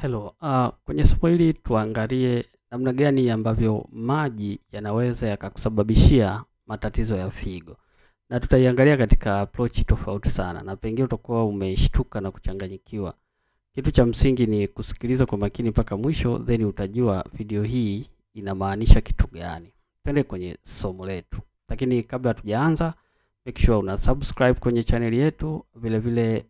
Hello, uh, kwenye somo hili tuangalie namna gani ambavyo maji yanaweza yakakusababishia matatizo ya figo, na tutaiangalia katika approach tofauti sana, na pengine utakuwa umeshtuka na kuchanganyikiwa. Kitu cha msingi ni kusikiliza kwa makini mpaka mwisho, then utajua video hii inamaanisha kitu gani. Twende kwenye somo letu, lakini kabla hatujaanza, make sure una subscribe kwenye chaneli yetu, vilevile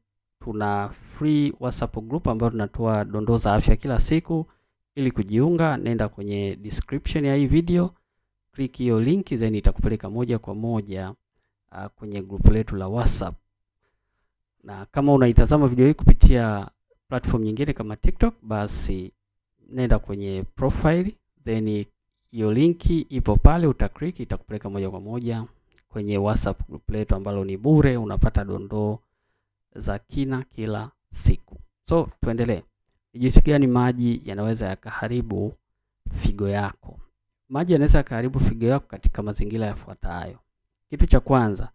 tuna free WhatsApp group ambayo tunatoa dondoo za afya kila siku. Ili kujiunga, nenda kwenye description ya hii video, click hiyo link, then itakupeleka moja kwa moja uh, kwenye group letu la WhatsApp. Na kama unaitazama video hii kupitia platform nyingine kama TikTok, basi nenda kwenye profile, then hiyo linki ipo pale, uta click itakupeleka moja kwa moja kwenye WhatsApp group letu ambalo ni bure, unapata dondoo za kina kila siku. So tuendelee, jinsi gani maji yanaweza yakaharibu figo yako? Maji yanaweza yakaharibu figo yako katika mazingira yafuatayo. Kitu cha kwanza,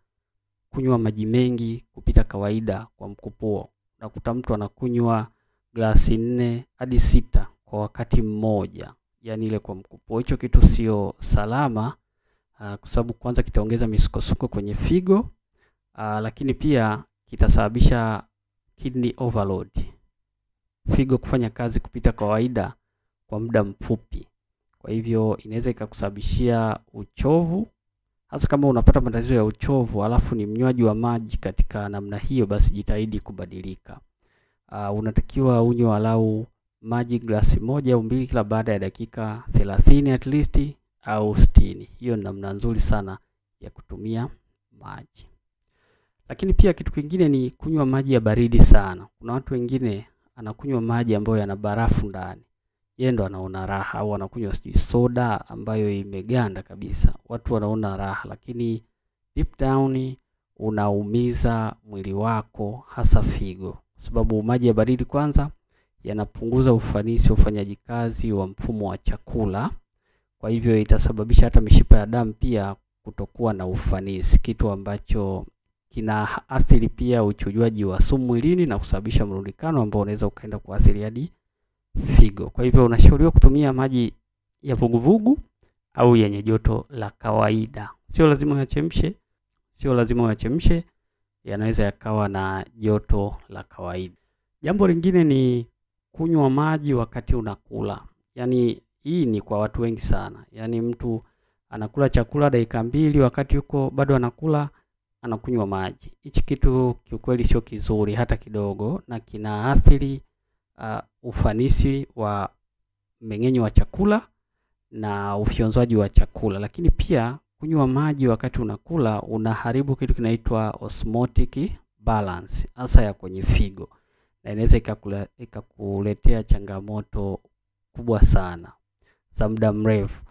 kunywa maji mengi kupita kawaida kwa mkupuo. Unakuta mtu anakunywa glasi nne hadi sita kwa wakati mmoja, yaani ile kwa mkupuo. Hicho kitu sio salama, ah, kwa sababu kwanza kitaongeza misukosuko kwenye figo, ah, lakini pia kitasababisha kidney overload, figo kufanya kazi kupita kawaida kwa muda mfupi. Kwa hivyo inaweza ikakusababishia uchovu, hasa kama unapata matatizo ya uchovu alafu ni mnywaji wa maji katika namna hiyo, basi jitahidi kubadilika. Uh, unatakiwa unywe walau maji glasi moja au mbili kila baada ya dakika 30 at least au 60. Hiyo ni namna nzuri sana ya kutumia maji. Lakini pia kitu kingine ni kunywa maji ya baridi sana. Kuna watu wengine anakunywa maji ambayo yana barafu ndani, yeye ndo anaona raha, au anakunywa sijui soda ambayo imeganda kabisa, watu wanaona raha, lakini deep down unaumiza mwili wako, hasa figo, kwa sababu maji ya baridi kwanza yanapunguza ufanisi wa ufanyaji kazi wa mfumo wa chakula, kwa hivyo itasababisha hata mishipa ya damu pia kutokuwa na ufanisi, kitu ambacho kinaathiri pia uchujuaji wa sumu mwilini na kusababisha mrundikano ambao unaweza ukaenda kuathiri hadi figo. Kwa hivyo unashauriwa kutumia maji ya vuguvugu au yenye joto la kawaida. Sio lazima uyachemshe, sio lazima uyachemshe, yanaweza yakawa na joto la kawaida. Jambo lingine ni kunywa maji wakati unakula. Yaani hii ni kwa watu wengi sana. Yaani mtu anakula chakula dakika mbili wakati yuko bado anakula anakunywa maji. Hichi kitu kiukweli sio kizuri hata kidogo, na kinaathiri uh, ufanisi wa mmeng'enyo wa chakula na ufyonzwaji wa chakula. Lakini pia kunywa maji wakati unakula unaharibu kitu kinaitwa osmotic balance, hasa ya kwenye figo, na inaweza ikakuletea changamoto kubwa sana za muda mrefu.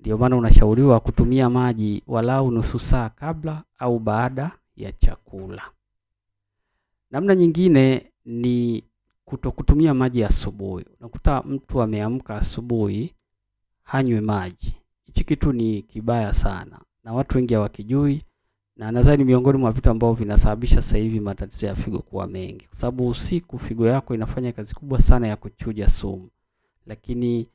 Ndio maana unashauriwa kutumia maji walau nusu saa kabla au baada ya chakula. Namna nyingine ni kuto kutumia maji asubuhi. Unakuta mtu ameamka asubuhi hanywi maji. Hichi kitu ni kibaya sana na watu wengi hawakijui, na nadhani miongoni mwa vitu ambavyo vinasababisha sasa hivi matatizo ya figo kuwa mengi, kwa sababu usiku figo yako inafanya kazi kubwa sana ya kuchuja sumu, lakini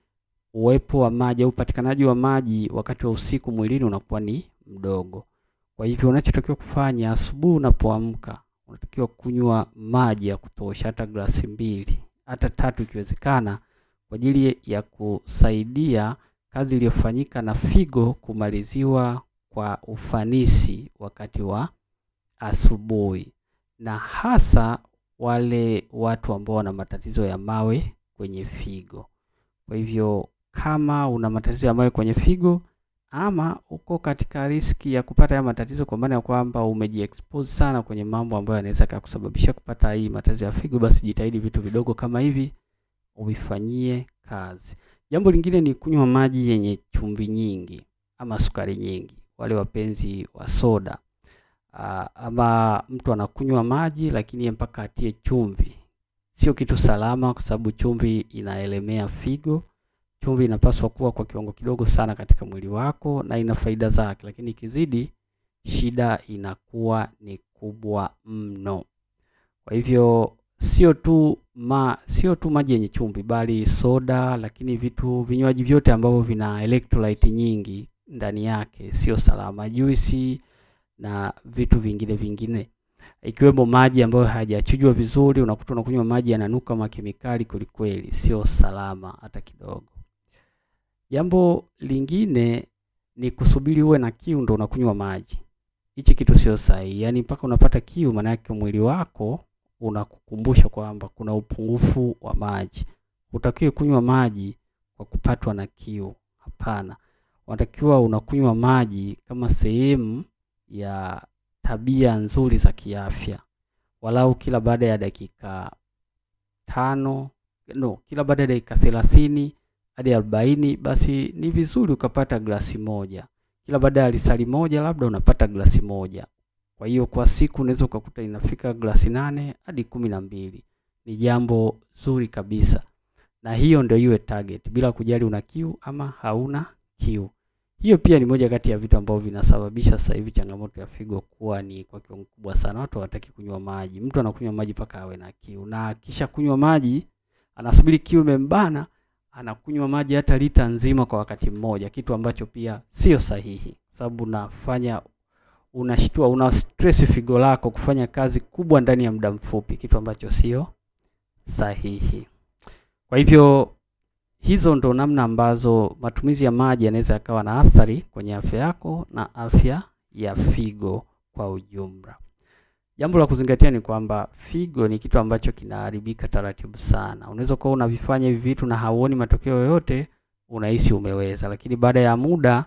uwepo wa maji au upatikanaji wa maji wakati wa usiku mwilini unakuwa ni mdogo. Kwa hivyo unachotakiwa kufanya asubuhi unapoamka, unatakiwa kunywa maji ya kutosha, hata glasi mbili hata tatu ikiwezekana, kwa ajili ya kusaidia kazi iliyofanyika na figo kumaliziwa kwa ufanisi wakati wa asubuhi, na hasa wale watu ambao wana matatizo ya mawe kwenye figo. Kwa hivyo kama una matatizo ya moyo kwenye figo ama uko katika riski ya kupata haya matatizo, kwa maana ya kwamba umejiexpose sana kwenye mambo ambayo yanaweza kukusababisha kupata hii matatizo ya figo, basi jitahidi vitu vidogo kama hivi uvifanyie kazi. Jambo lingine ni kunywa maji yenye chumvi nyingi ama sukari nyingi, wale wapenzi wa soda. Aa, ah, ama mtu anakunywa maji lakini mpaka atie chumvi, sio kitu salama, kwa sababu chumvi inaelemea figo Chumvi inapaswa kuwa kwa kiwango kidogo sana katika mwili wako na ina faida zake, lakini ikizidi shida inakuwa ni kubwa mno. Kwa hivyo sio tu ma sio tu maji yenye chumvi, bali soda, lakini vitu vinywaji vyote ambavyo vina electrolyte nyingi ndani yake sio salama, juisi na vitu vingine vingine ikiwemo maji ambayo hayajachujwa vizuri, unakuta unakunywa maji yananuka makemikali kwelikweli, sio salama hata kidogo. Jambo lingine ni kusubiri uwe na kiu ndo unakunywa maji. Hichi kitu sio sahihi, yaani mpaka unapata kiu, maana yake mwili wako unakukumbusha kwamba kuna upungufu wa maji. utakiwe kunywa maji kwa kupatwa na kiu, hapana. Unatakiwa unakunywa maji kama sehemu ya tabia nzuri za kiafya, walau kila baada ya dakika tano no, kila baada ya dakika thelathini hadi arobaini, basi ni vizuri ukapata glasi moja kila baada ya lisali moja, labda unapata glasi moja. Kwa hiyo kwa siku unaweza ukakuta inafika glasi nane hadi kumi na mbili. Ni jambo zuri kabisa, na hiyo ndio iwe target, bila kujali una kiu ama hauna kiu. Hiyo pia ni moja kati ya vitu ambavyo vinasababisha sasa hivi changamoto ya figo kuwa ni kwa kiwango kubwa sana. Watu hawataki kunywa maji, mtu anakunywa maji mpaka awe na kiu, na kisha kunywa maji anasubiri kiu imembana, anakunywa maji hata lita nzima kwa wakati mmoja, kitu ambacho pia sio sahihi, sababu unafanya unashtua, una stress figo lako kufanya kazi kubwa ndani ya muda mfupi, kitu ambacho sio sahihi. Kwa hivyo hizo ndo namna ambazo matumizi ya maji yanaweza yakawa na athari kwenye afya yako na afya ya figo kwa ujumla. Jambo la kuzingatia ni kwamba figo ni kitu ambacho kinaharibika taratibu sana. Unaweza kuwa unavifanya hivi vitu na hauoni matokeo yoyote, unahisi umeweza, lakini baada ya muda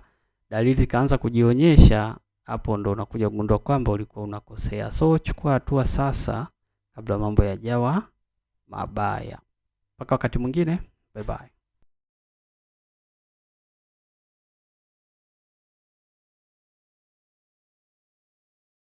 dalili zikaanza kujionyesha, hapo ndo unakuja kugundua kwamba ulikuwa unakosea. So chukua hatua sasa kabla mambo yajawa mabaya. Mpaka wakati mwingine, bye bye.